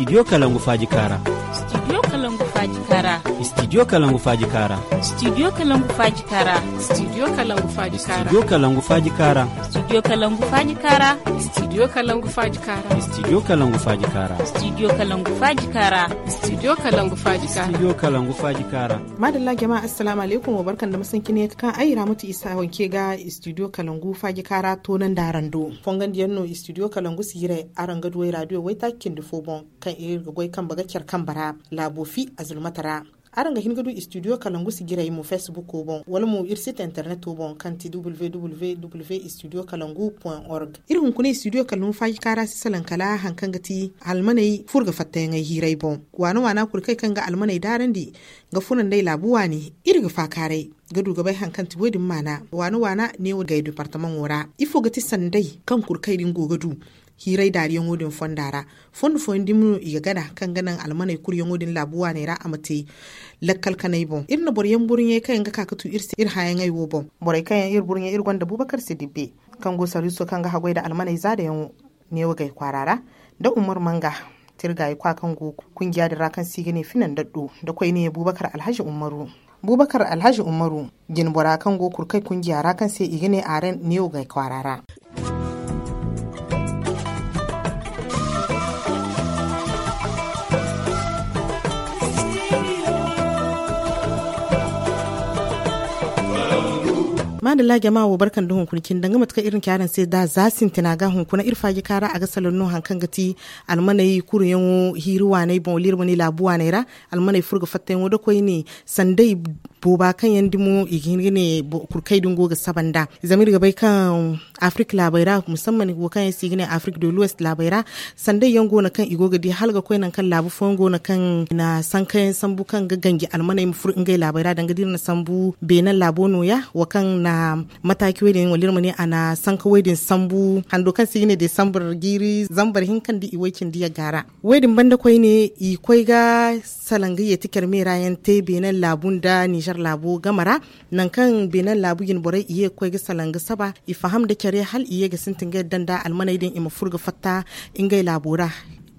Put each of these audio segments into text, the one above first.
studio kalangu faji kara studio kalangu faji kara studio kalangu faji kara studio kalangu faji kara studio kalangu faji kara studio kalangu faji kara studio kalangu faji kara studio kalangu faji kara studio kalangu faji kara studio kalangu faji kara studio kalangu faji kara madalla jama'a assalamu alaikum wa barkan da ne kan ayyara mutu isa wanke ga studio kalangu faji kara tonan darando fongan diyanno studio kalangu sire aran gadwai radio wai takin difobon kan irga gwai kan baga kyar kan bara labofi azulmatara aranga hingadu studio kalangu sigiray mu facebook bon wala mu ir site internet bon kanti www.studiokalangu.org ir hun kuni studio kalangu fay kara salan kala hankangati almanai furga fatenga hiray bon wana wana kurkai kanga almanai darandi ga funan dai wani irga fakare gadu gabai hankanti wedin mana wana wana ne wa ga departement wora ifo gati sandai kan kurkai dingo gadu hirai dariyan wodin fondara fond fondi mu iga gada kan ganan almanai kuryan wodin labuwa ne ra amate lakkal kanai bon irna boryan burin yayi kan ga kakatu irsi ir hayan ai wo bon kan ir burin yayi irgon da bubakar Sidibe, kan go sariso kan ga hagwai da almanai za da yanwo ne wagai kwarara da umar manga kwa kan go kungiya da rakan sigine finan daddo da kwai ne bubakar alhaji umaru bubakar alhaji umaru jin bora kan go kurkai kungiya rakan sai igine aren ne wagai kwarara madalla jama'a wa barkan duhun kunkin danga matuka irin kyaran sai da zasin tinaga hunkuna irfa gi kara a gasalon no hankan gati almanai kuruyen hiruwa ne bon lirmani labuwa ne ra almanai furga fatten wada koi ne sandai boba kan yan dimo igine kurkai dungo ga sabanda zamir ga bai kan afrika labaira musamman go kan yasi gine afrika do west labaira sanda yan gona kan igo ga di halga ko nan kan labu fon gona kan na san kayan sambu kan ga gangi almana mufur ingai labaira dan gadir na sambu benan labono ya wa kan na mataki wedin walir mani ana san ka wedin sambu hando kan sigine de sambar giri zambar hinkan di iwaikin diya gara wedin banda koi ne ikwai ga salangiye tikar me yan te benan labun da nijar nijar labu gamara nan kan labu yin bore iye ko ga saba ifaham de kare hal iye ga danda almanaidin ima furga fatta ingai labura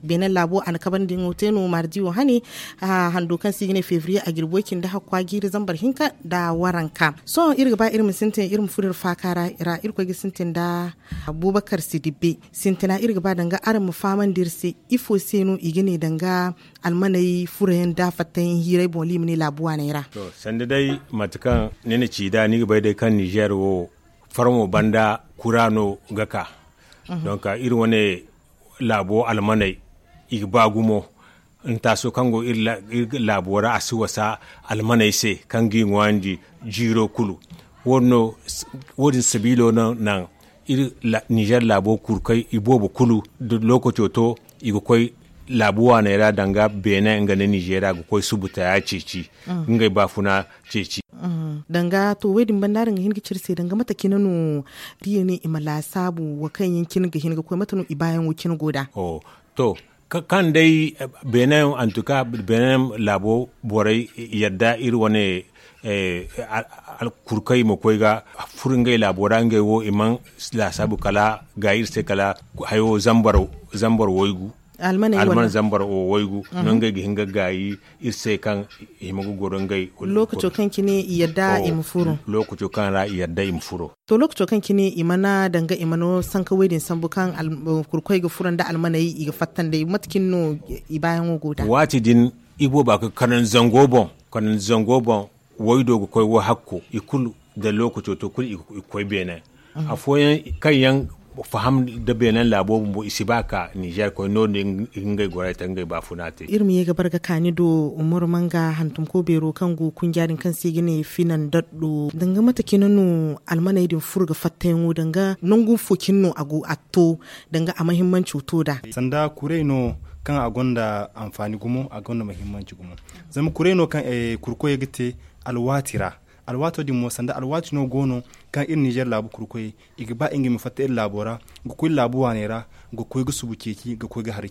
benin labo an kaban din hoteno mardi hani a hando kan si ne fevrier a girbokin da hakwa giri zambar hinka da waranka so irga ba irin sintin irin furir fakara ira irko gi sintin da abubakar sidibe sintina irga ba danga aran mu faman dirse ifo senu igine danga almanai furayen da fatan hirai boli ne labuwa na ira to sanda dai matukan ne ci da ni bai dai kan niger wo farmo banda kurano gaka mhm. don ka irin wani labo almanai igbagumo nta so kango labora asiwasa almanaise kangi ngwanji jiro kulu wani wodin sabilo na nan ir la, niger labo kurkai ibobo kulu da lokaci to iga koi labuwa na yara danga bene nga na nigeria ga koi subuta ya ceci mm. nga ba funa ceci mm. danga to wedin bandarin hin gicir sai danga mata kinanu diye imala sabu wa kan yankin ga hinga koi mata nu ibayan wukin goda oh to kan dai benin tout cas benin labo borai yadda iri wani eh, alkurkai makwai ga furingai labora ngai wo iman la sabu kala ga irse kala hayo zambar zambar woigu almana zambar o waigu mhm. non gai gihin gaggayi irse kan himugu goron gai lokaco kan kine yadda im furo lokaco kan ra yadda im furo to lokaco kan kine imana danga imano sanka wedin san bukan kurkoi ga furan da almana yi ga fattan da matkin no ibayan goda wati din ibo ba ka kanan zangobon. kanan zangobon bon waido ga koi wa hakko ikulu da lokaco to kul ikoi bene mhm. a foyan kan yan faham da benan labo bo isibaka niger ko no ngai gore ta ngai ba funate irmi ye gabar ga kani do umur manga hantum ko bero go kun jarin kan se gine finan daddo danga mata kinanu almana idin furga fatten wo danga nungun fokin no ago atto danga a mahimmanci to da sanda kurai no kan agonda amfani gumo agonda mahimmanci gumo zama kurai no kan eh, kurko ya gite alwatira alwato di mosanda alwato no gono kan in niger labu kurkoye iga ba ingi mi fatta ir labora ga kuy labu wanera ga kuy ga subu keki ga kuy ga har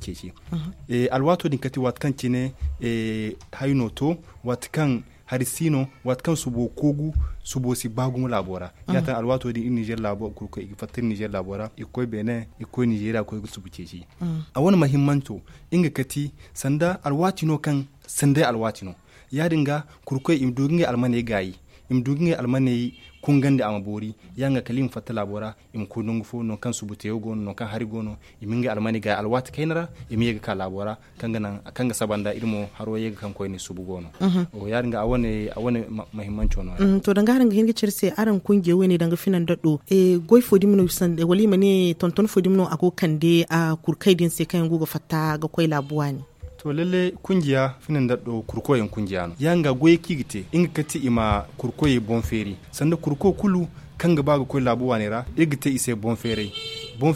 alwato din kati wat kan cine e eh, hayno to wat kan har sino kan subo kogu subo si bagum labora mhm. yatan alwato din in niger labu kurkoye iga fatta niger labora ikoy bene ikoy nigeria koy ga subu keki mhm. a wani mahimmanto inga kati sanda no kan sanda alwatino ya dinga dogin im doginga almane gayi im duginge almanei kungande ama bori yanga kalim fatta labora im kunungu fo non kan subuteo gono non kan hari gono iminga almani ga alwat kainara im yega ka labora kanga nan kanga sabanda ilmo haro yega kan koyni subu gono mhm. o yaringa a wani mahimmanci ono mhm, to danga haranga hinga cirse aran kungiye weni danga finan daddo e goy fodi mino san e, walima ne tonton fodi mino ko kande a kurkai din se kan gugo fatta ga koy labuwani to lalle kungiya finin da do kurkoyin kungiya no yanga goye kigite inga kati ima kurkoye bon sanda kurko kulu kan kanga baga koy labu ra igite ise bon bonferi bon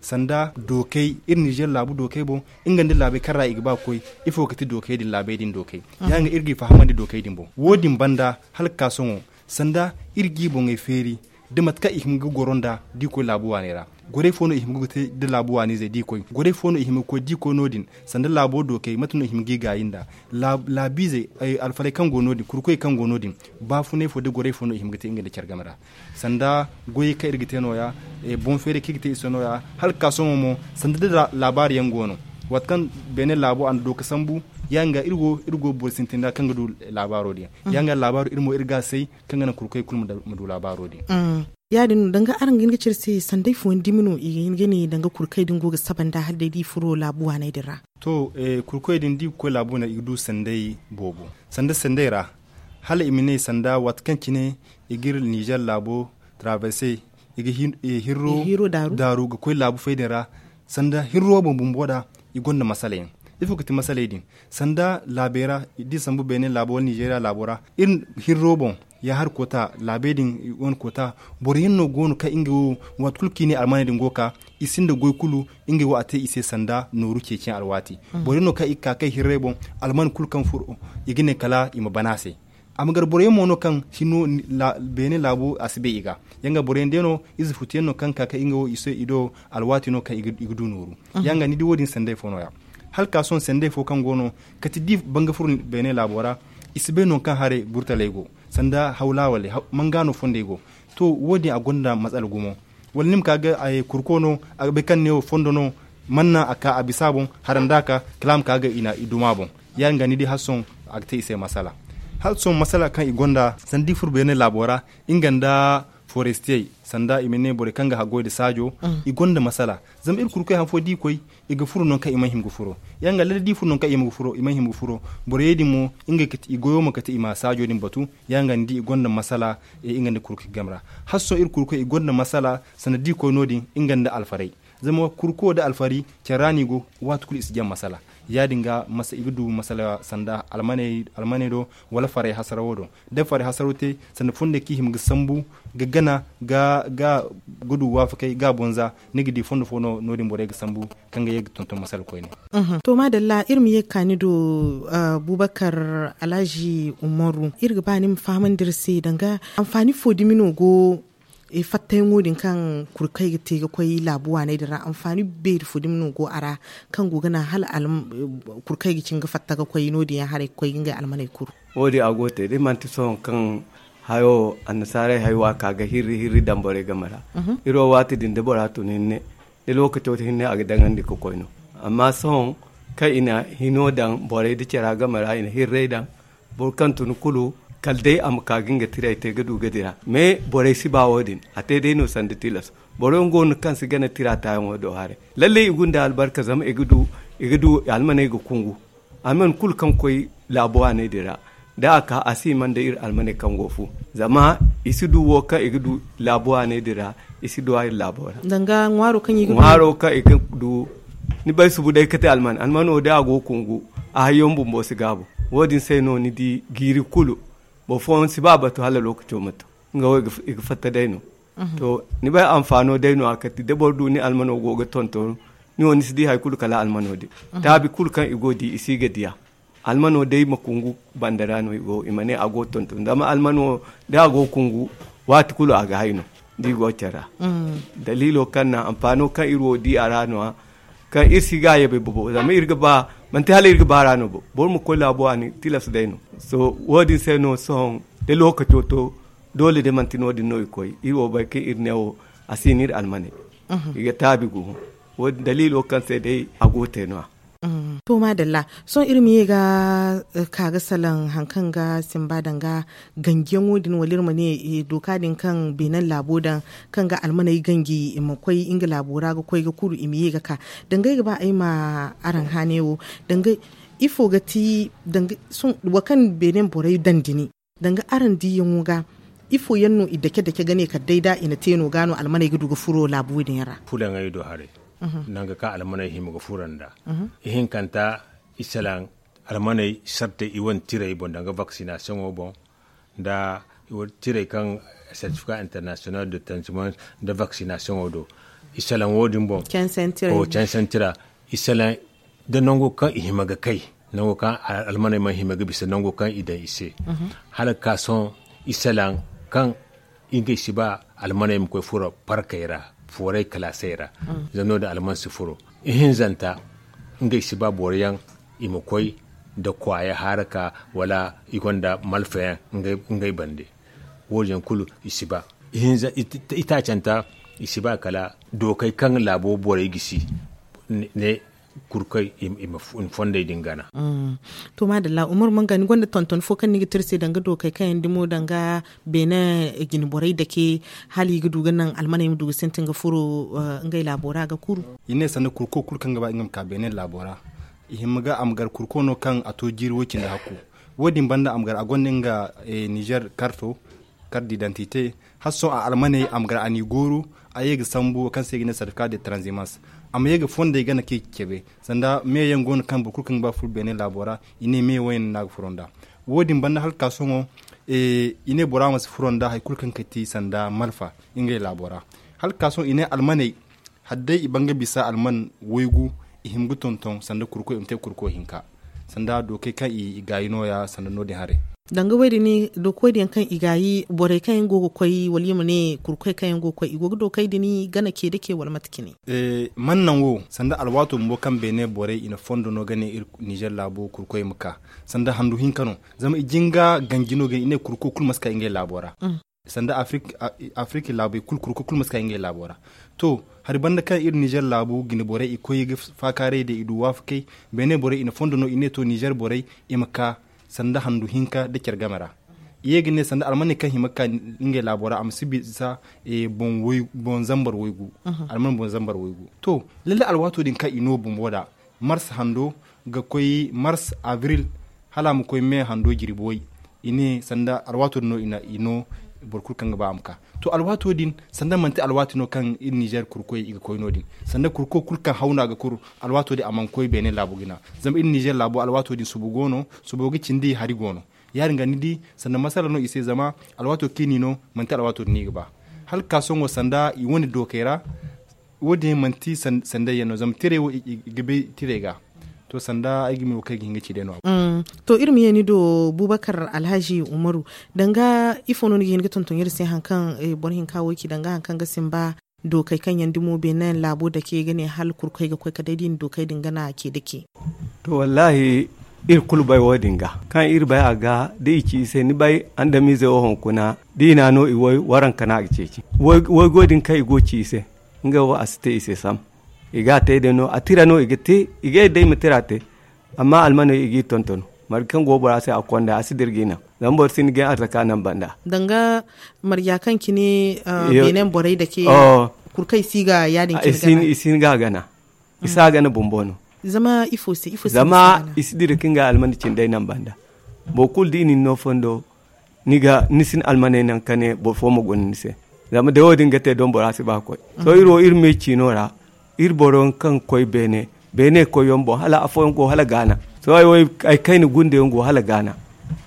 sanda dokai ir niger labu dokai bo inga labai labe karra igba koy ifo kati dokai din labai din dokai ah. yanga irgi fahamandi dokai din bo wodin banda halka sanda irgi bon e feri de matka ihim ga goronda ko labuwa ne ra gore fono ihim te de labuwa ne zai ko gore fono ihim ko ko nodin sanda labo do kai matun ihim ga ga inda labi zai alfale kan go nodin kurko kan go nodin ba fu ne fo de gore fono ihim ga te inga da san sanda goyi ka irgite noya eh, bon fere kigite isonoya halka somo mo sanda da labari no. watkan bene labo an doka sambu yanga irgo irgo bor sintinda kanga du labaro dia mm. yanga labaro irmo irga sai kanga na kurkai kulum da mu labaro dia mm. yadin danga aran gin gicir sai sandai fuwan dimino igin gini danga kurkai din goga saban da hadda di furo labuwa na dira to eh, kurkai din di ko labu na igdu sandai bobo sanda sandai ra hal imine sanda watkan kine igir nijal labo traverse igi e, hirro daru ga koi labu faidira ra sanda hirro bumbum boda igonda masalayen ifo kati masalay din sanda labera di sambu bene labo nigeria labora in hirrobon ya har kota labedin won kota boriyen no gonu ka ingo wat kulkini almani din goka isin da goykulu inge wa ate ise sanda noru keken alwati hmm. boriyen no ka ikka kai hirrebon alman kulkan furo igine kala ima banase amgar boriyen mono kan shino la, bene labo asbe iga yanga borendeno izi futiyeno kanka ka ingo iso ido alwatino ka igudu nuru uh -huh. yanga ni di wodin sende fono ya halka son sende fo kan gono kati di banga furu bene labora isbe non kan hare burta lego sanda wale ha, mangano fondego to wodi a gonda matsal gumo walnim kaga ay kurkono abe kan ne fondono manna aka abisabon harandaka kalam kaga ina idumabon yanga ni di hason akte ise masala hal son masala kan igonda sandi ne labora inganda forestier sanda imene bore kanga ha da sajo. Mm. i gonda masala zam ir kurkoy han fo di koy i gafuro non ka imahim him furo yanga lada di furo non ka ima furo imahim him furo bore yedi mo inga kati i goyo makati ima sajo din batu yanga ndi i gonda masala e inga ndi kurkoy gamra hasso ir kurkoy i gonda masala sanda di koy nodin inga nda alfarai zama kurko da alfari caranigo is jam masala dinga masa ibidu masala sanda almane almane do wala fare hasarawo do de fare hasarote sanda funde ki him gisambu ga gana ga ga gudu wa ga bonza nigidi fonde-fondo fono nodin bore gisambu kanga yeg tonton masal koyne mhm. to madalla irmi ye kanido bubakar alhaji umaru irga bani ni faman danga amfani mino go e fatta yin kan kurkai ga te koi labuwa ne da amfani bai da fudin nugu ara kan go gana hal al kurkai ga cin gafata ga koi no da ya hare koi ga almanai a wodi agote de man son kan hayo annasare haywa kaga hirri hirri dambore gamara mhm. iro wati din debora to ne, de lokaci wata hinne aga dangandi ko koino amma son kai ina hino dan bore da cera gamara ina hirre dan burkan tunu kulu kalde am kagin ga tira ite gadu gadira me bore si ba wodin ate dai no sandi tilas bore ngo no kan si gana tira ta mo do hare lalle igunda albarka zam igudu igudu almane go kungu alman kul kan koy labuwa ne dira da aka asi man da ir almane kan gofu zama isidu wo ka igudu labuwa ne dira isidu ay labora danga ngwaro kan igudu ngwaro ka igudu ni bai su budai kate alman alman o da go kungu a hayon bumbo sigabo wodin sai no ni di giri kulu ba fon si ba to hala lokacin mato nga wo fata dai daino mhm. to ni bai amfano daino akati da bordu ni almano goga tonto ni woni sidi hay kul kala almano mhm. ta bi kul kan igo di ga diya almano dai makungu no igo imane ago tonto ma almano da ago kungu wati kulu aga hayno di tara mhm. dalilo kan na amfano kan iro di arano kan irsiga yabe bobo zama irga ba man ti halir ga bara no bo mu kola bo ani tilas dai no so wodi se no song de lokato to dole de man tinodi no noy koy i wo ba ke irne wo asinir almane mhm. iga tabi go wodi dalilo kan se dai agote no to madalla son irmi ga eh, kaga salan hankan ga simbadan ga gangen wudin walirma ne eh, doka din kan benan labodan kan ga almanai gangi eh, makwai inga labora ga kwai ga kuru ya ga ka dangai ba yi ma aran hanewo dangai ifo ga ti dangai sun wakan benin borai dandini danga aran di wuga ifo yanno idake dake gane ka daida ina teno gano almanai gudu ga furo labo din yara do hare Mhm. nanga ka almanai him gafuranda mhm. ihin kanta isalan almanai sarte iwan tirai bon danga vaccination o bon da iwan tire kan certificat international de transhumance de vaccination o do isalan wodin bon o oh, kensen tira isalan da nango kan ihimaga kai nango kan almanai man himaga bisa nango kan idan ise mhm. halaka son isalan kan inga shiba almanai mkwe fura parkaira forai kalasera zano da alman sufuro ihin zanta inga isi ba boriyan imakoi da kwaya haraka wala ikon da malfayan inga bande wajen kulu isi ba itacenta isi ba kala dokai kan labo borai gisi ne kurkai in fonda idin gana mm. to ma da la umar mun gani gwanda tonton fo kan nigi tirse danga do kai kayan dimo danga bena eh, gini borai da ke hali gudu ganan almana yim dugu sentin ga furo eh, ngai labora ga kuru ine sanda kurko kurkan gaba ingam ka bena labora muga amgar kurko no kan ato jirwo wakin da haku wodin banda amgar agonin ga eh, niger karto carte dantite. hasso a almane amgar ani goro a ga sambu kan sai ne sarfika de transimas. amma yaga fonde gana ke kebe sanda me yan gon kan bu kurkan ba ful bene labora ine me wen na furonda wodin banna hal kasongo e ine bora mas furonda hay kurkan kati sanda malfa inge labora hal kaso ine almane hadde ibanga bisa alman woygu ihimgu tonton sanda kurko imte kurko hinka sanda doke kan i gayino ya sanda no de hare danga wadi ni do koy den kan igayi bore kan go koy wali mu ne kur koy kan go koy igogo do kay dini gana ke dake wal matkini e man nan wo sanda alwatu mbo kan bene bore ina fondo no gane ir Niger labo kur koy muka sanda handu hin kano zama jinga gangino ga ine kur ko kul maska inge labora mm. sanda afrika afrique labo kul kur ko kul maska inge labora to har banda kan ir Niger labo gini bore ikoy ga fakare da iduwa fakai bene bore ina fondo no ine to Niger bore imaka sanda handu hinka da kyar gamara gine sanda almani kan himaka inge labora am sibi sa e bon woy bon zambar woygu alman bon zambar woygu to lalle alwato din ka ino bon boda mars hando ga koy mars avril hala mu koy me hando jiriboy ine sanda alwato no ina ino borkur kan ba amka to alwato din sanda manti alwato no kan in niger kurko iga koyno din sanda kurko kulkan hauna ga kur alwato di aman koy bene labu gina zam in niger labu alwato din subu gono subu gi cindi hari gono yar ngani nidi sanda masala no ise zama alwato kini no manti alwato ni ba hal kasongo sanda i woni dokera wodi manti sanda yeno zam tire wo gibe tirega to sanda agi mo kai hinga cide no to irin yani do bubakar alhaji umaru danga ifono ni hinga tuntun yir sai hankan eh, borhin kawo ki danga hankan gasin ba dokai kan yan dimo be nan labo da ke gane hal kurkai ga kai ka daidai din dokai dingana ke dake to wallahi ir kulbai dinga kan ir bai aga da ici sai ni bai an da mize wa kuna na no wai waran kana ceci wai godin kai goci sai nga wa asite ise sam iga teedeno atirano igiti igee deyma tirate amma almano igi tontono markan gobora sai akonda asi dirgina dan bor sin gen arzaka nan banda danga marya kanki ne ah, benen borai da ke oh. kurkai siga yadin ah, ki sin sin ga gana isa gana mm. bombono zama ifo se ifo se zama isidir kinga almani cin dai nan banda bokul dinin no fondo niga nisin almane nan kane bo fomo se zama da wodin gate don borasi ba ko so mm-hmm. iro irme cinora irboron kan koy bene bene ko yombo hala afo yongo hala gana so ay way ay kayni gunde yongo hala gana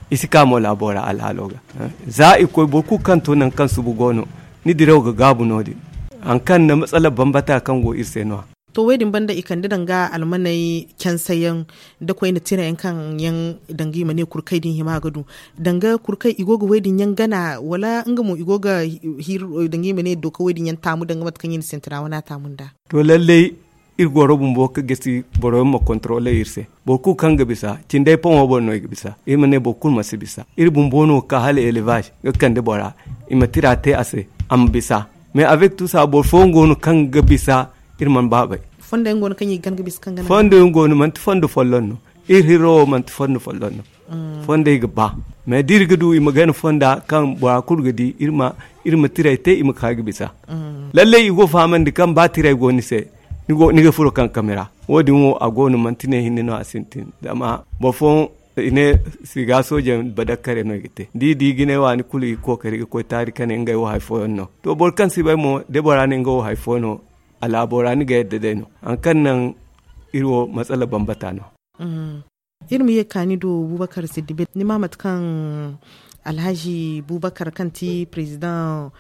isika mo labora al haloga za i koy boku kan to nan kan subu gono ni direw ga gabu nodi an kan na matsala bambata kan go irse no to wedin banda ikan da danga almanai kyan sayan da kwai na tira yankan yan dangi mani kurkai din hima gadu danga kurkai igoga wedin yan gana wala inga mu igoga hir dangi mani doka wedin yan tamu danga matkan yin sentra wana tamun da to lalle irgoro bumbo ka gesi boro mo kontrole irse kan ga bisa dai pon obo no bisa e bo boku masi bisa ir bumbo no ka hal kan kande bora imatira te ase am bisa mais avec tout ça bo fongo no kanga bisa irman baɓay fonde gon kañi gango bis kangana fonde goni manti fonde follonno ir hirowo manti fonde follonno mm. fonde ga ba mais dirga du ima fonda kan ba kurga irma irma tirai te ima kagi bisa mm. lalle igo famandi kan ba tirai goni se nigo niga furo kan kamera wodi mo agonu mantine hinno asintin dama bo fon ine siga soja badakare no gite di di gine wani kuli ko kare ko tari kan ngai wa haifo no to bor kan sibai mo debora borani ngo haifo no a ni ga yadda dai no an kan nan iro matsala bambata no mm. irmi ya kani do bubakar siddibe ni mamat kan alhaji bubakar kanti president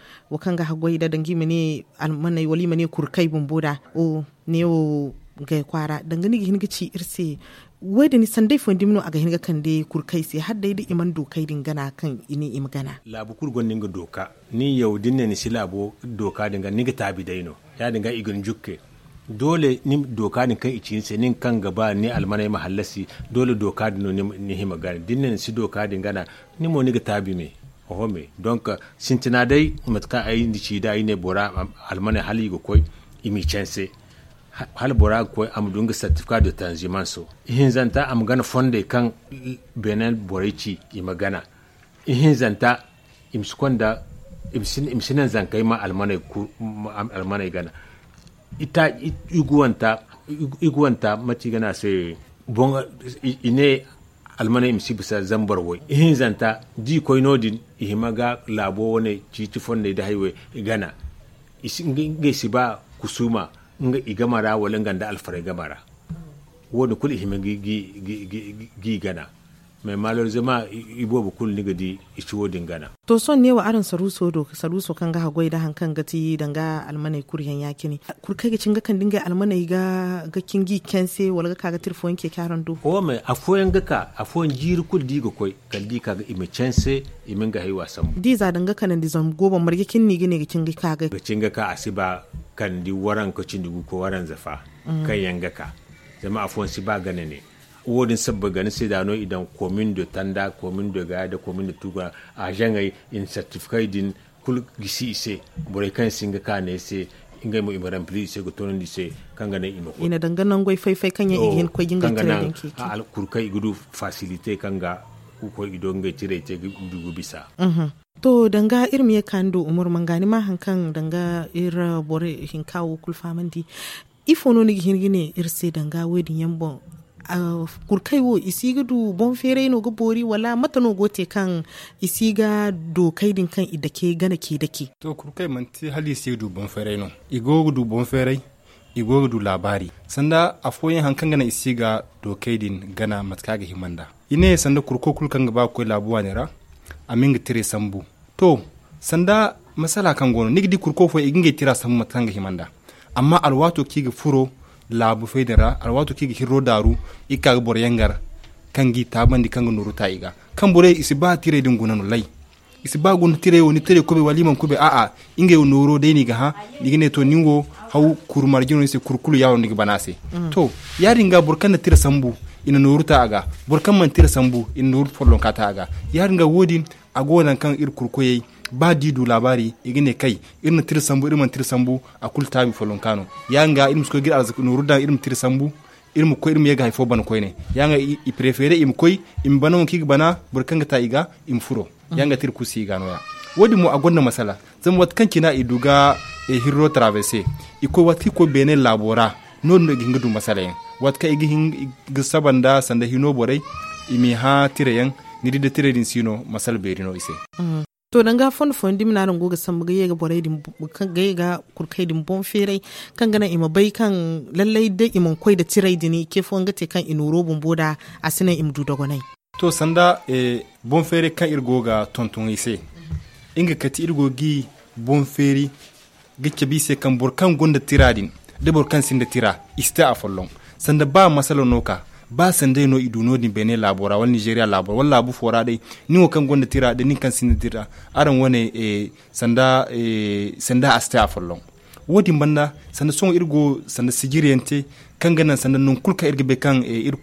ga hagwai da dangi mene almanai wali mene kurkai bumbuda o ne o ga kwara dangane gihin gici irse da ni dai fondi mino ga hinga kan dai kurkai sai har dai iman dokai dingana gana kan ini im gana labu kurgon ga doka ni yau ne ni silabo doka dinga ninga tabi dai no ya dinga igin jukke dole ni doka ni kan icin sai nin kan gaba ni almanai mahallasi dole doka din no ni hima gani ne ni si doka din gana ni mo ninga tabi me me. donc sintina dai matka ayi ni ci dai ne bora almanai hali go koi imi chense hal bora ko am dunga certificat de tanziman so hin zanta am gana fonde kan benen boreci ima gana hin zanta im sukonda im sinan zankai ma almanai ku almanai gana ita iguwanta iguwanta mati gana sai bon ine almanai im sibsa zambar wai hin zanta ji koinodin ihimaga labo wani ci fonde da haiwe gana isin ge ba kusuma nga igamara wala nga da alfare gamara wani kuli hime gi gana mais ibo ba kul niga di ichiwo dingana to son ne wa arin saruso do saruso kan ga hagoi da hankan gati danga almanai kuryan ne. kurkai ga cinga kan dinga almanai ga ga kingi kense wala ga kaga tirfo yanke karan do o me afoyan ga ka afoyan jiri kul ga koi kaldi ga ime chense imin ga haiwa sam di za danga kan di zam goba marge kin ni gine ga kinga kaga ga cinga ka asiba kan di waran ka cindugu ko waran zafa mm. kan yanga ka zama afoyan si ba gane ne wodin sabba ganin sai da idan komin de tanda commune de gaya komin de tuga a jangai in certificate din kul gisi ise bore kan singa ka ne se ingai mu imaran pli se go tonon dise kanga ne ino ina danganan goi fai fai kanya igin ko ga tare dinki al kurkai gudu facilite kanga ko idonga tire te gudu bisa mhm. to danga irmi ya kando umur mangani ma hankan danga ira bore hinkawo kulfamandi ifo no ni gine irse danga wedin yambon kurkai wo isiga du bon fere no ga bori wala mata no gote kan isiga do kaidin kan ke gana ke dake to kurkai man ti hali isiga du bon fere no igo du bon fere igo du labari sanda afoyin hankan gana isiga do kaidin gana matka ga himanda ine sanda kurko kulkan ba ko labuwa ne ra aminga tire sambu to sanda masala kan gono nigdi kurko fo ga tira sambu matkan ga himanda amma alwato kiga furo labu federa alwatu kigi hirro daru ikka bor yangar kangi tabandi kanga nuru taiga kan bore isiba tire din gunanu lai isiba gun tire woni tire kobe waliman kobe a a inge nuru de ni ga ha ne to ningo hau kurmar jinu se kurkulu yawo ni banase mm. to yaringa bor kan tire sambu ina nuru ta aga bor kan man tire sambu ina nuru forlon kata aga yaringa wodi agonan kan ir kurkoyei ba didu labari igine kai irin tirsambu irin man tirsambu a kulta kano folonkano yanga irin suko gira arzikin rudan irin tirsambu irin koy irin yega haifo bana koy ne yanga i prefere im koi im banon kig bana burkanga ta iga im furo yanga tir kusi gano ya wodi mu a gonna masala zan wat kanki na iduga e hiro traverse iko wati ko bene labora non no ginga du masala yan wat ka igi hin gisabanda sanda hino borai imi ha tire yan nidi da tire din sino masal berino ise mm. to danga fon fon dim na rungu ga samu gaye ga borai dim kan ga kurkai dim bon ferai kan gana ima bai kan lallai da iman koi da tirai dini ke fon gate kan inuro robin boda a sinan im du dogonai to sanda e bon fere kan irgo ga tonton ise inga kati irgo gi bon ferai gicce bi se kan burkan gonda tiradin da burkan sin da tira ista a follon sanda ba masalo noka ba san dai no iduno din bene labora wal nigeria labora wal labu fora dai ni wo kan gonda tira da nin kan sin tira aran wone e sanda e sanda asta afallon wodi banda sanda son irgo sanda sigiriente kan ganan sanda nun kulka irga be kan e ir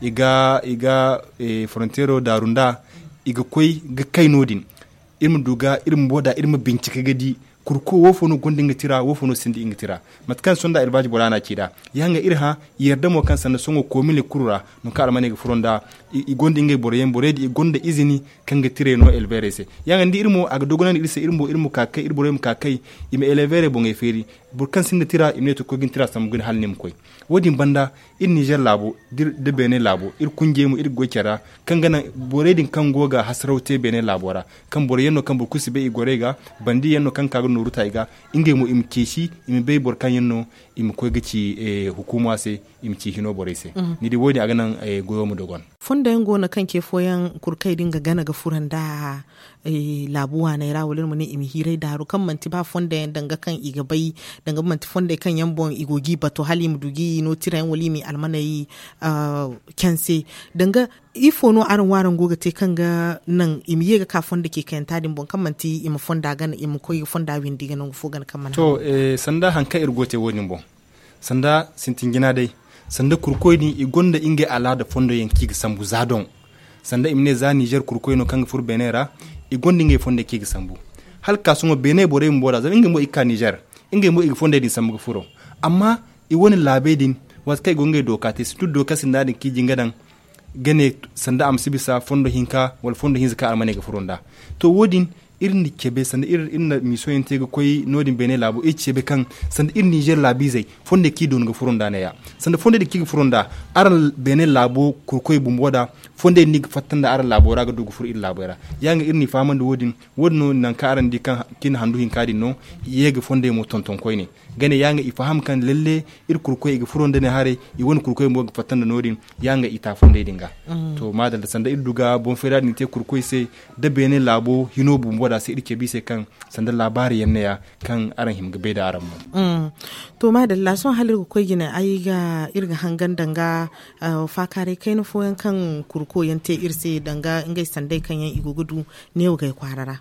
iga iga e frontiero darunda iga koy ga kainodin irmu duga irmu boda irmu bincike gadi kurku wo fono gonde ngitira wo fono sindi ngitira matkan sonda irbaji bolana kida yanga irha yerda mo kan sanna songo komile kurura no kalmane ga furonda i gonde ingay yen boreydi i gonde izini kanga tireno éleveur ese yanga ndi irmo aga dogonani irse irmo irmo kakay ir kay ime ima bo ngay feri kan sinde tira imne to kogin tira sam gun halnim koy wodi banda in niger labo dir de bene labo ir kunjemu ir kanga na boreydin kan goga hasrawte bene labora kan no kan kusi be i gorega bandi yenno kan kaga ga ingay mo im keshi eh, im be borkan yenno im koyga ci hukuma se im ci hino borese mhm. ni di wodi aga nan eh, goyo mu dogon fonda yin gona kan ke foyan kurkai dinga gana ga furan da eh, labuwa na ira wulin mu ne imi hirai da haru kan manti ba fonda yan danga kan igabai danga manti fonda kan yambon bon igogi bato hali mu dugi no tirayen wali mi almanai ah, kense danga ifo no aran waran goga te kan ga nan imi ga ka fonda ke kan tadin bon kan manti imi fonda gana imi koyi fonda windi gana go fogan kan man to eh sanda hanka irgote wonin bon sanda sintingina dai sanda kurkoyni i gonda inge ala da fondo yen kiga sambu zadon sanda imne za niger kurkoyno kanga fur benera i gonda inge fonde kiga sambu hal kasungo bene bore mbora za inge mo ikka niger inge mo igi fonde din sambu furo amma i woni labe din was kai gonge doka te su doka sinda din kiji ngadan gane sanda am sibisa fondo hinka wal fondo hinka armane ga furonda to wodin irin kebe sanda irin inna yin tega koi nodin bene labu eh, e chebe kan sanda irin niger labi zai fonde ki don ga furonda ne ya sanda fonde da ki furonda aral bene labu kurkoi bumboda fonde ni fatan da aral labu ga dugu fur irin labu ra ga irin faman da wodin wodno nan ka aran dikan kin handu hin kadin no yega fonde mo tonton koi ne gane ga ifaham kan lalle ir kurkoi ga furonda ne hare i won kurkoi mo fatan da nodin ga ita fonde dinga mm. to madalla sanda iduga bon fera ni te kurkoi sai da bene labu hino bumboda da sai irke bi kan sandan labari yanne ya kan aran himgabe da aran mu mm. to ma da lason halir kwai gina ai ga irga hangan danga fakare kai nufoyin kan kurko te irse danga ingai sandai kan yan igogudu ne ga kwarara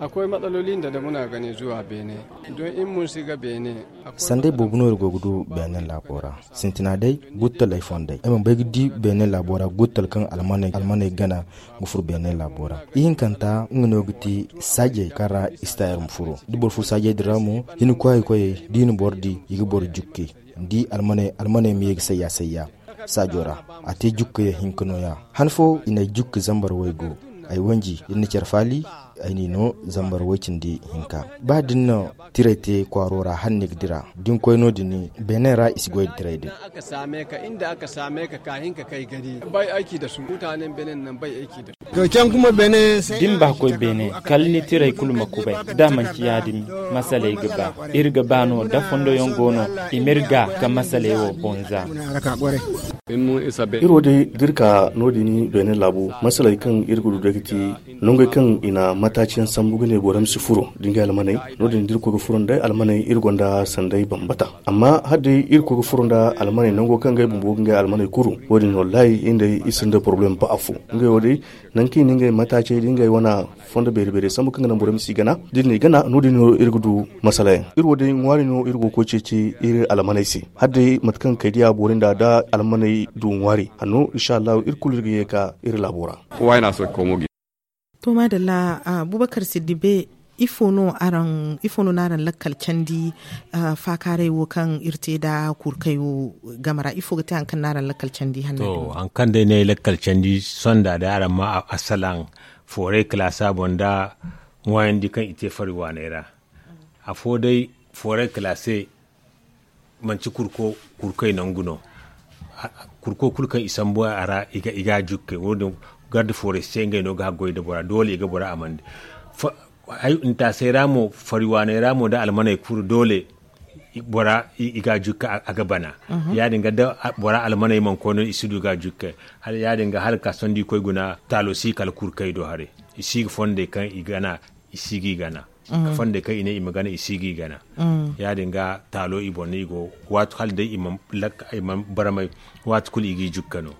akwai matsalolin da da muna gani zuwa bene don in mun shiga bene sandai bugunuwar gogudu benin labora sintina dai guttal iphone dai amma bai gidi benin labora guttal kan almanai gana gufur benin labora ihin kanta ngano guti saje kara istayar mfuro dubor fu saje dramu hinu kwaye kwaye dinu bordi yigi bor jukke di almanai almanai mi yigi sayya sayya sajora ate jukke hinkanoya hanfo ina jukke zambar waygo ay wanji ina cerfali aini no zambar wakin di hinka ba din no tirete kwarora hannik dira din no dini benin ra isgoy direde aka same ka inda aka same ka kahin ka kai gari bai aiki da su mutanen benin nan bai aiki da su can kuma benin din ba koy benin kalni tirai kulma kubai daman din masale gaba irga bano da fondo yongono imirga ka masale wo bonza iro dai dirka nodini benin labu masalai kan irgudu da kiti nungai kan ina mataciyan sambugule goram sifuro dinga almanai nodin dirko ga furon furunda almanai irgon irgonda sandai bambata amma hadde irko ga furon da almanai nango kanga bumbu ga almanai kuru wodin wallahi inda isin da problem ba afu ngai wodi nan nanki ninga matace dinga wana fonda bere bere sambu kanga boram sigana dinni gana nodin irgudu masala irwodi ngwari no irgo ko cece ir almanai si hadde matkan kaidiya borin da da almanai du ngwari hanno insha Allah irkulirge ka ir labora wayna so komogi to madalla abubakar siddibe ifono aran ifono naran lakkal candi fa kare wo kan irte da kurkai wo gamara ifo ta an kan naran lakkal candi hanna to an kan dai ne lakkal candi sonda da aran ma asalan fore klasa bonda wayan dikan ite fariwa naira a fo dai fore klase ci kurko kurkai nan guno kurko kulkan isan bo ara iga iga jukke wodin garde forestier ngai ga goy da bora dole ga bora amande ay inta sai ramo fariwane ramo da almanai kuru dole bora iga jukka aga bana mhm. ya dinga da bora almanai man kono isudu ga jukka hal ya ga hal ka sondi koy guna talo si kal kur kay do hare isig fonde kan igana isigi gana mhm. ka fonde kan ne imagana isigi gana mhm. ya ga talo iboni go wat hal dai imam lak imam baramai wat kul igi jukkano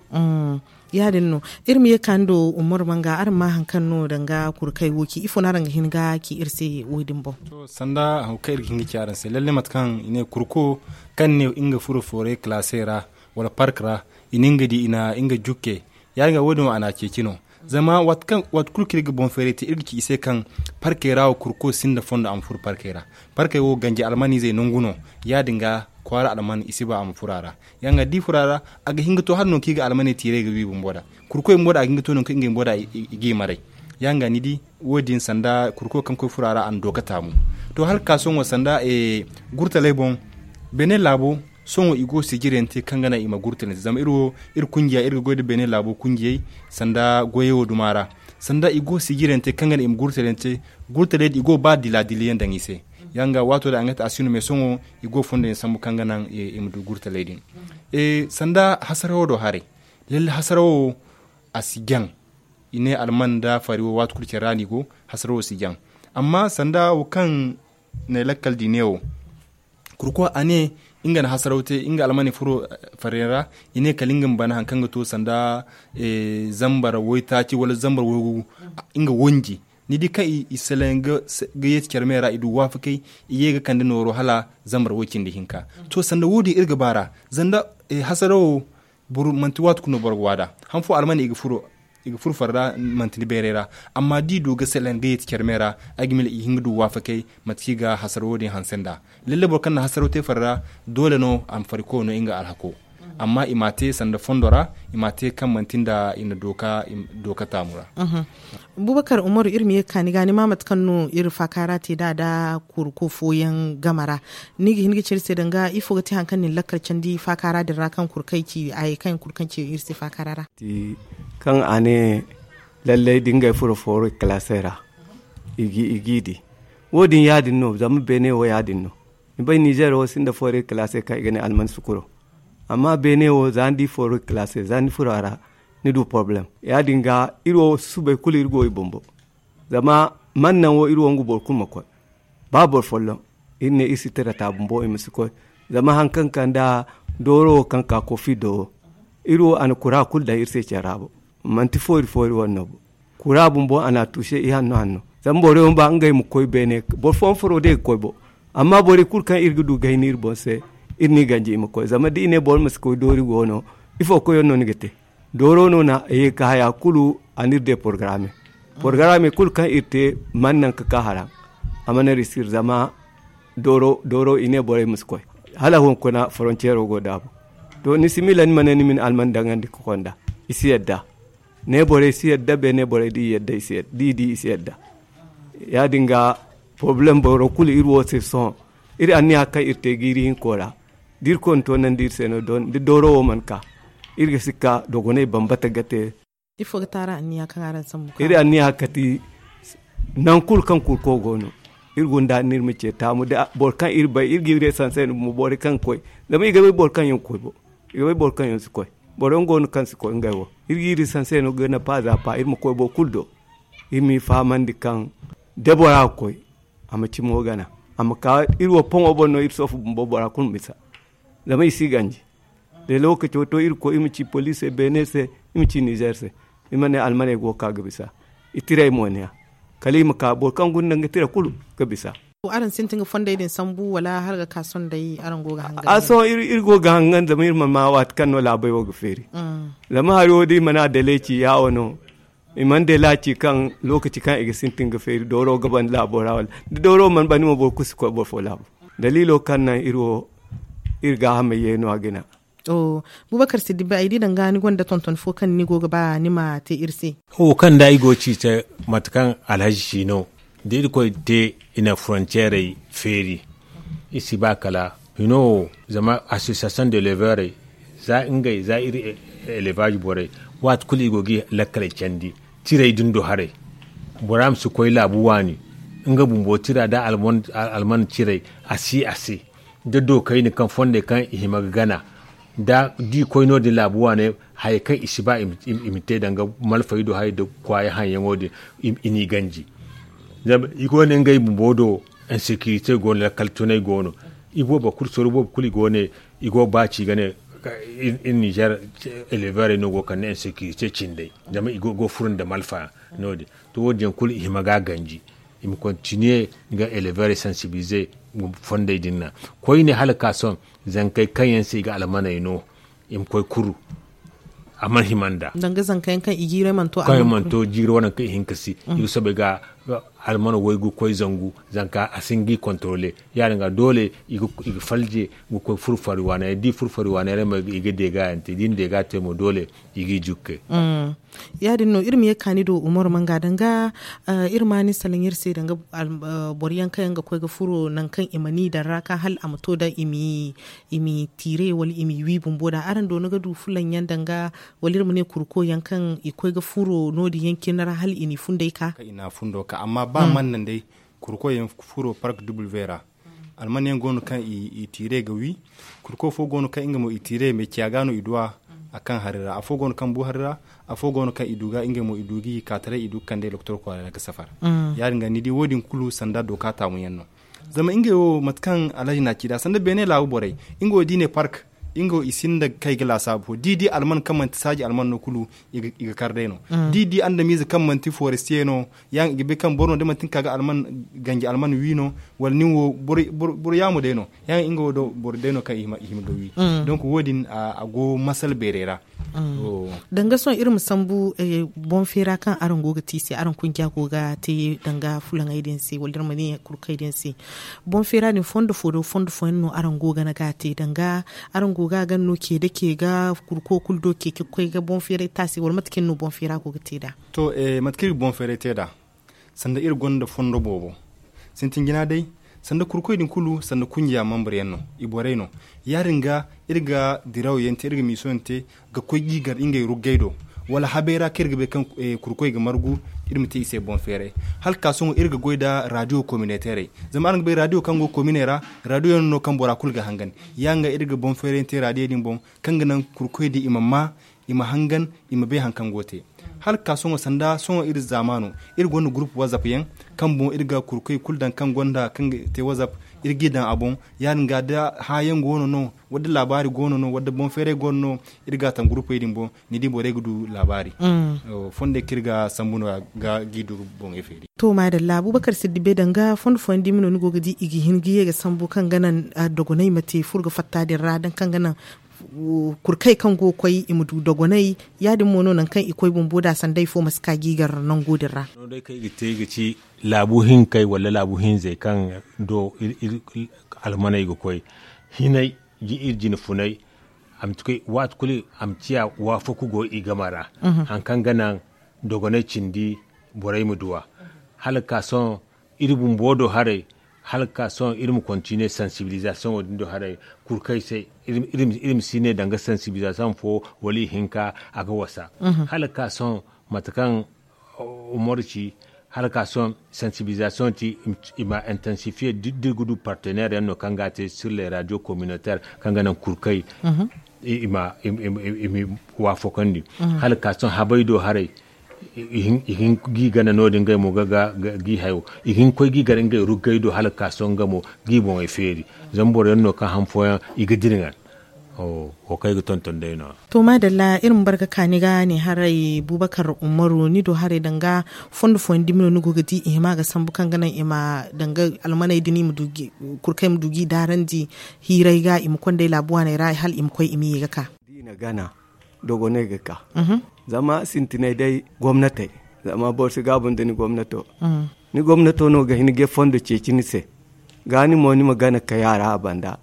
yadin no irmi ya kando umar manga ar ma hankan no danga kurkai woki ifo na ranga ga ki irse wodin bo to sanda hankai hinga ki aran se lalle matkan ine kurko kan ne inga furo fore klasera wala parkra ininga di ina inga jukke ga wodin ana ke kino zama kan wat kulkiri ga fere ta irki ise kan parkera kurko sinda fonda amfur parkera parke wo ganje almani zai nunguno ya dinga kwara alman isiba am furara yanga di furara aga hingato har no kiga almane tire ga bi boda kurko boda aga hingato no kinga boda igi marai yanga ni di wodin sanda kurko kam ko furara an dokata mu to har kason wa sanda e gurta lebon bene labo son songo igo sigirente kangana ima ne zama iro ir kungiya ir goyde bene labo kungiyai sanda goyewo dumara sanda igo sigirente kangana im gurta gurtele igo ba dila diliyen dangise yanga wato da angata asinu me songo igo fonda en sambu kanga nan e, e mudu gurta leydin e sanda hasarawo do hare lalla hasarawo asigyang ine alman da fariwo wato kurce rani go hasarawo sigyang amma sanda kan na lakkal dinewo kurko ane inga na ta inga almani furo eh, farera ine kalingin bana hankanga to sanda e, zambar woi taci wala zambar wogu inga wonji ni di kai isalen ga ga yet kermera idu wafi kai iye ga kandi noro hala zamar wakin da hinka to sanda wodi irga bara zanda e, hasaro buru mantuwat kuno wada hanfo almani iga furo iga furfarra mantini berera amma di do ga selen ga yet kermera agimil i hingdu wafi kai matki ga hasaro wodi hansenda lalle kan hasaro te farra dole no am fariko no inga alhako amma imate sanda fondora imate kan mantin da ina doka doka tamura bubakar umaru irmi ya kani gani mamat kanu iri fakara te da da kurko foyan gamara nigi hingi cirse danga ifo ga hankan nin lakkar candi fakara da rakan kurkai ki ai kan kurkan ce irse ra ti kan ane lalle dinga furo foro klasera igi di wodin yadin no zamu bene wo yadin no ni bai nijero wo sinda foro klase ka igane alman sukuro amma bene wo zandi foro classe zandi foro ara ni du problem yadi nga iro sube kuli wo ibombo zama man nan wo iro wangu bor kuma ko ba bor follo inne isi tera ta bombo e misiko zama hankan kan da doro kan ka ko fido iro an kura kul da irse charabo manti fori fori wonno kura bombo ana tushe i hanno hanno zama bore on ba ngai mu koy bene bor fon foro de koy bo amma bore kul kan irgu du gainir se irni ganji ima koy zama di ine mas masko dori gono ifo koyo ni gete doro no na e ka ya kulu anir de programme programme kul kan irte mannan ka kahara amana risir zama doro doro ine bore masko hala hon na frontier go dabo to ni similan ni manani min alman dangandi ko konda isi yadda ne bore isi yadda be ne bore di yadda isi yadda di di isi yadda ya dinga problem boro kul irwo se son iri anni hakka irte giri hin kora dir kon to nan dir seno don di doro wo man ka irga sikka dogone bambata gate di fo tara aniya kan aran sam ka iri niya kati nan kul kan kul ko gono irgo nda nir mi ta mu da bor kan ir bay irgi re san sen mu bor kan koy da mi gabe bor kan yon koy bo gabe bor kan yon sikoy bor on gon kan sikoy ngai wo irgi ri san sen go na pa za pa ir mu koy bo kuldo imi di kan debora koy ama mo gana ama ka irwo pon obono ir sofu bo bora kun misa zama isi ganji da lokaci wato ko imici police benese imici ima ne almane go ka gabisa itire moniya kalima ka bo kan gunna ngatira kulu gabisa aran sintin fonda idin sambu wala har ga kason da yi aran goga hanga a so iri ir goga hanga da mir mama wat kan wala bai wa gaferi mm. lama har wodi mana da leci ya wono iman da laci kan lokaci kan iga sintin feri doro gaban laborawal doro man bani mo bo kusko bo fo labo dalilo kan nan iro irga hama nuwa gina. To, bubakar siddi ba idi dan gani gwanda tonton fo kan ni goga ba ni ma te irse ho kan da igo ci ta matakan alhaji no, da irko te ina frontiere feri isi ba kala you know zama association de levere za ingai za iri elevage bore wat kuli gogi lakale candi yi dundu hare buram su labuwa labuwani nga bumbo tira da alman alman tirai asi asi da do ne kan fonde kan himagana da di koyno de labuwa ne hay kan ba imite danga do hay da kwaye hanye ngode ini ganji zam iko ne ngai bodo insécurité gon la kaltone gono ibo ba kursoro bo kuli gone igo ba ci gane in Niger elevare no go kan insécurité cinde cindai igo go furun da malfa de to wodin kul himaga ganji im continue ga elever sensibiliser fonda dinna koy ne halka son zan kai kayan sai ga almana ino im koy kuru amar himanda ga zan kai kan igire manto amar kayan manto jiro wannan kai hinkasi mm. yusa ga almano gu koye zangu zanka singi contrôlé yaran ga dole igu falje gu koye furfari wana di furfari wana rema iga dega ante din dega temo dole igi jukke mm. dinno irin ya kani do umar manga danga uh, irma ni salin yirse danga uh, boriyan kayan ga ga furo nan kan imani da raka hal a muto da imi imi tire wal imi wi bumbo da aran do naga du fulan yan danga walir mu ne kurko yankan ikwai ga furo no di yankin na hal ini funda ka ina fundo ka amma ba hmm. man nan dai kurko yin furo park double vera alman yin gonu kan itire ga wi kurko fo gonu kan inga mu itire mai kya gano iduwa a akan harira fo gonu kan bu harira fo gonu kan iduga inga mu idugi katare idu kan dai doktor ko ka safar hmm. yarin di wodin kulu sanda doka ta mu yanno zama inga yo matkan alaji na cida sanda bene lawo borai ingo ne park ingo da kai gila sabo didi alman kaman saji alman no kulu iga kardeno no mm. didi anda miza kaman ti forestieno yang igibe kan borno de matin kaga alman ganji alman wino wal niwo bor bor yamu deno yang ingo do bor deno kai ima ihim do wi mm. donc wodin a go masal berera Mm. Oh. danga son irin musambu eh, bon fera kan aron goga ti aron kun goga te danga fulan aidin se waldar mani kurkai den se bon fera ne fondo fodo fondo fo no aron goga na gate danga aron goga gan no ke dake ga kurko kuldo ke ke kai ga bon fera ta se wal matkin no bon fera goga te da to eh matkin bon fera te da sanda ir gonda fondo bobo sintin gina dai sanda kurkoi din kulu sanda kungiya mambar yanno ibore no ya ringa irga dirau yente irga misonte ga koi gigar inga ru do wala habera kirga be kan eh, kurkoi ga margu irmi te ise bon fere hal ka sun irga goida radio communautaire an be radio kango communera radio no kan bora kulga hangan yanga irga bon fere te radio din bon kanga nan kurkoi di imamma ima hangan ima be hankan gote hal ka sun sanda sun ir zamanu irga wani group whatsapp yan kan bon irga kurkai kuldan kan gonda kan te wazap irgi dan abon yan ga da hayan gono no wadda labari gono no wadda bon fere gono no irga tan grupo irin bon ni di bore gudu labari mm. fonde kirga sambuno ga gidu bon e to ma da labu bakar siddibe danga fond fondi mino nugo gidi igi hingiye ga sambu kan ganan ah, dogonai mate furga fatta da radan kan ganan kurkai kan go koi imudu dogonai yadin mono nan kan ikoi bumbu da sandai fo maska gigar nan godira no dai kai gite gici labuhin kai walla labuhin zai kan do almanai go koi hinai ji irjin funai am tukai wat kuli am ciya wa foku go igamara han mhm. kan gana dogonai cindi borai muduwa halka son irbun bodo harai. halka son kwanci ne sensibilisation wadin da harai kurkai sai irin si ne danga sensibilisation fo wali hinka ga wasa mhm. halka son matakan umorci halka son sensibilisation ti ima intensifier dirgudu partenaire yanno kangate sur les radio communautaire kanganan kurkai mhm. ima imi wafokandi mhm. halka son habaido harai ihin gi gana nodin gai mo ga gi hayo ihin koi gi garan gai ru hal kason gamo gi bon e feri zambor yanno kan han foyan iga diringan o oh, kai ga tonton dai na to madalla irin barka kani ga ne harai bubakar umaru ni do harai danga fondo fondi mino nugo gati e ma ga sambu kan ganan e ma danga almanai dini mu dugi kurkai mu dugi darandi hirai ga im kon dai labuwa ne rai hal im koi imi ga ka dina gana dogo ne ga ka mhm. zama sintinai dai gwamnati zama borsi gabon da ni gwamnato mm. ni gwamnato no ga hinige fondo cecini se gani mo ni magana ka yara a banda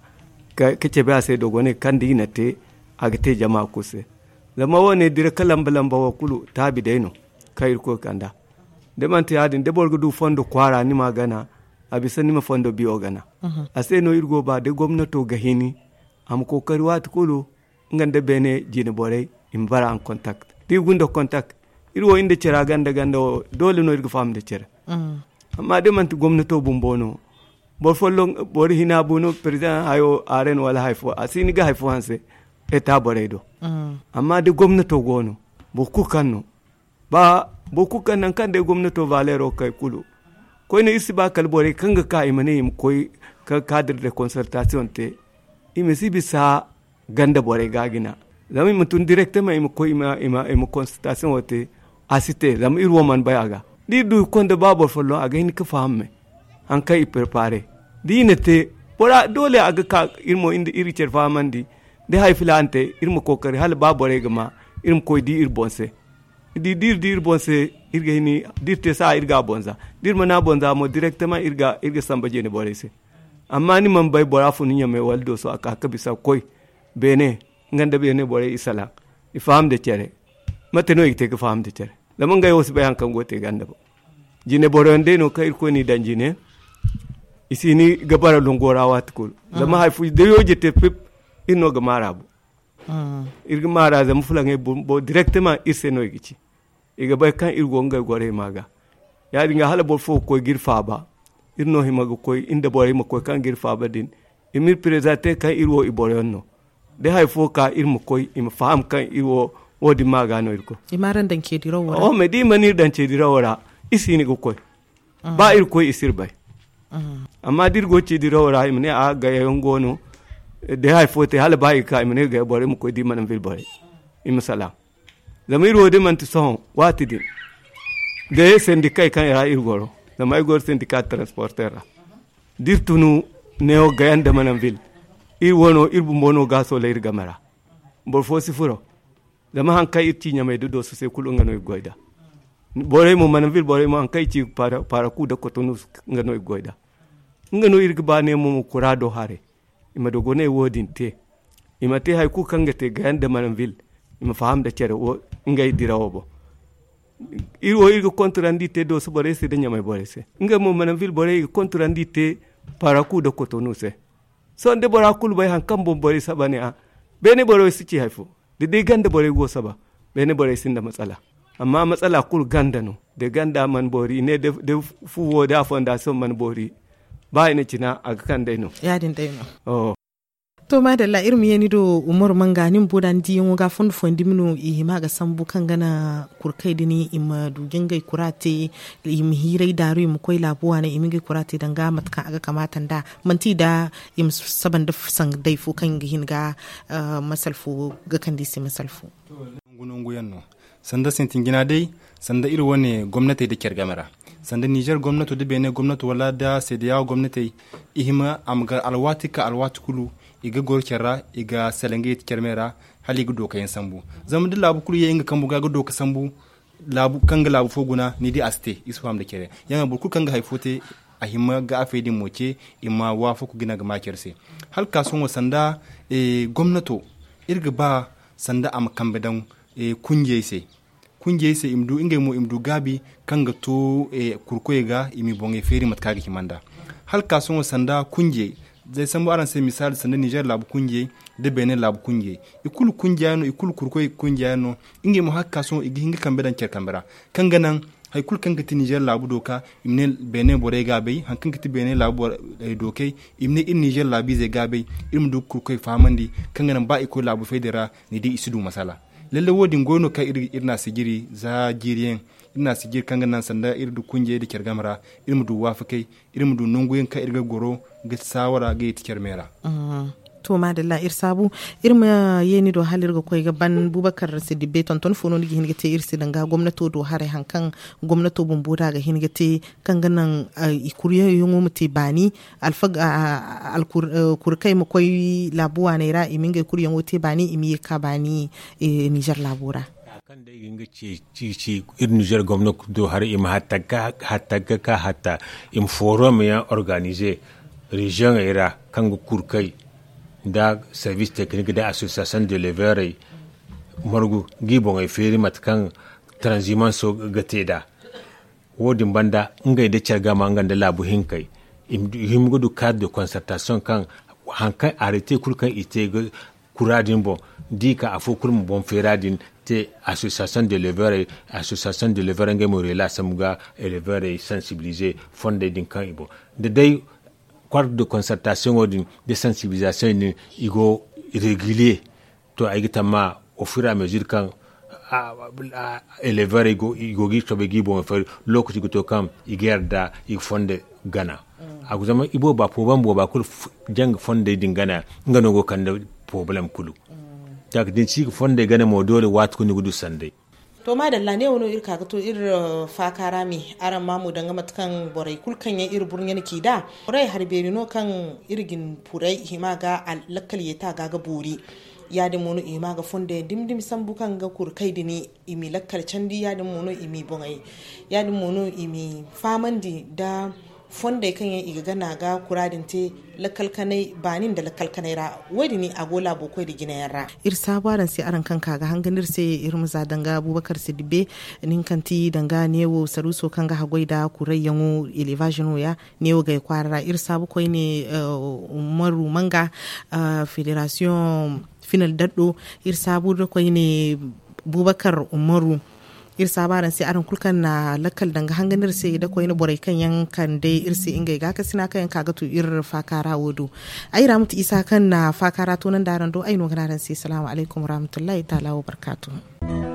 ka ce ba sai dogone kan di na te a ga te jama kuse zama wani dire kalan lamba ba wa kulu tabi dai no kai ko kanda de man ta yadin de borgo du fondo kwara ni magana a bisa ni ma fondo bi ogana mm-hmm. a sai no irgo ba de gwamnato ga hini am kokari wat kulu ngan de bene jini borai in bara an contact di gundo kontak wo inde cera ganda ganda o dole no irga famde cera mm. amma de man gomnato mbono bor follo bor hina bu no president hayo aren wala hayfo asini ga hayfo hanse eta boredo mm. amma de gomnato gono boku kukanno ba boku kannan kan de gomnato valero kai kulu koy ne isi ba bore kanga ka imane im koy ka cadre de concertation te imesi bisa ganda bore gagina zama ima tun directement ima ko ima ima ima constatation wote asite zama ir woman bay aga di du konde babor follo aga hin ka famme an kai prepare di ne te bora dole aga ka irmo indi iri cer famandi de hay filante irmo kokari hal babo rega ma irmo koy di ir bonse di dir dir bonse irga hini dir te sa irga bonza dir mana bonza mo directement irga irga samba jeni bore se amma ni man bay bora funu nyame waldo so aka ka koy bene ganda ɓe ne isala i famde ko fam de famde cere lama ngay wosi ɓay hankan go te ganda ba jine no kayir koni dan jine isini gabara longora wat kul ah. hay fu de yo te pep inno gamara bu ah. irga mara zama fulange bo directement irse no igici iga bay kan irgo ngay gore maga ya dinga hala bor fo ko gir faba irno himago ko inde bore ma ko kan gir faba din imir presenter kan irwo iborenno de hay fo ka ir mo koy im faham kan i wo wodi magano ir ko imaran dan ke dira wora o oh, me di manir dan ke dira wora isini go koy mm. ba ir koy isir bay mm. amma dir go ce dira wora im ne a ga yon gono de hay fo te hal bay ka im ne ga bore mo koy di manan vil bore im sala zamir wodi man tsohon wati din de syndicat kan ya ir goro zamai gor syndicat transporteur dir tunu neo gayan da manan ville ir wono ir bumbono gaso la gamara bor fo sifuro zama hankai irti nyamai do su se kulun ngano goida bore mu manavil bore mu para para ku kotonu ngano goida ngano ir gbane mu kurado hare ima dogone gone wodin te ima te hay ku kanga te gayan da manavil ima faham da o ngay dirawo bo ir wo kontrandi do bore se da nyamai bore se ngamo manavil bore ir kontrandi para kotonu se so nde bora bay han kam bon bore sabani a bene wisi ci haifu didi ganda bore go saba bene sin da matsala amma matsala kul ganda no de ganda man bori ne de, de wo da fonda son man bori ba ina cina a kan dai no ya din dai no oh to ma dalla irin yani do umar manganin nin bodan di yunga fund fondi mino i ma ga sambu kan gana kurkai dini im dugin gai kurate im hirai daru im koi labuwa na im gai kurate dan ga matakan aga kamatan da manti da im saban da san dai kan kan gihin ga ah, masalfu ga kan disi masalfu sanda sintin gina dai sanda iri wani gwamnati da kyar gamara sanda nijar gwamnati da bene gwamnati wala da sai da yawo gwamnati ihima amgar alwati ka alwati kulu iga gor kerra iga selengit kermera hali ga doka yin sambu zama dilla bu kuri yin ga kambu ga ga doka sambu labu kanga labu foguna ni di aste isu fam da kere yana burku kanga haifote a himma ga afe din moke imma wa fuku gina ga makirse hal kasuwan wasanda e, gwamnato irga ba sanda am kambe dan e, kunje se kunje se imdu inge mu imdu gabi kanga to e, kurkoye ga imi bonge feri matka ga himanda hal kasuwan wasanda kunje zai san bu aran sai misali sanda niger labu kungiye de bene labu kungiye ikulu kungiya no ikulu kurkoi kungiya no inge mu hakka so igi hinga kambe dan cer kambera kanga nan hay kul kanga ti niger labu doka imne bene bore gabe han kanga ti bene labu eh, doke imne in niger labi zai gabe im du kurkoi famandi kanga nan ba iko labu federa ni di isudu masala lalle wodi gono ka irna sigiri za jiriyen ina sigir kanga nan sanda irdu kunje da kergamra irmudu mu irmudu nunguyin ka irga goro ga sawara ga tikar mera to madalla ir sabu ma yeni do halir ga koy ban bubakar be ton ton fono gi hinga te sida ga gwamnato do hare hankan gwamnato boda ga hinga te kanga nan ikuriya mu muti bani alfag alkurkai mu koy labuwa ne ra iminga ikuriya te bani imi ka bani e, niger labura kan da ginga ce ci ci irin niger gwamna do har im hatta ka hatta ka hatta im forum ya organize region era kan kurkai da service technique da association de levere margu gibon ai feri mat kan transiman so gate da wodin banda ngai da charga ma ngan da labu hinkai im himgudu cadre de concertation kan hankan arrêté kurkan ite kuradin bon dika a fo kurmu bon feradin c'était association d'éleveurs et association d'éleveurs ngemore la samuga éleveurs et sensibiliser fondé din kan de day cadre de concertation ou de sensibilisation ni igo régulier to aigitama au fur et à mesure quand ah, ah, éleveur igo igo gi tobe gi bon fer lokaci go to kam igerda i fonde gana mm. akuzama ibo ba pobambo ba kul jang fondé din gana ngano go kanda problème kulu tak din ci fonde gane mo dole wat kuni gudu sande to ma dalla ne wono ir kaga to ir fakara mi aran mamu danga matkan borai kulkan ya ir burnya nake da borai harberi no kan irgin purai himaga ya ta gaga buri ya da mono ima ga fonde dim dim sambu kan ga kurkai kai dini imi lakkal candi ya da mono imi bongai ya da mono imi famandi da fonda kan yan iga gana ga kuradin te lakalkanai banin da lakalkanai ra wadi ni gola bokoi da gina yara. ir sabaran sai aran kanka ga hanganir sai ir muza danga abubakar sidibe nin kanti danga newo saruso kanga hagoi da kurai yango elevation ya newo ga kwarara ir sabu koi ne eh, umaru manga eh, federation final daddo ir sabu koi ne bubakar umaru irsa baran sai aran kulkan na lakal danga hanganir sai da koyina borai kan yankan dai irsi inga ga ka sina kan kaga tu ir fakara wodo ai ramtu isa kan na fakara to nan daran do ai no ganaran sai assalamu alaikum rahmatullahi ta'ala wa barakatuh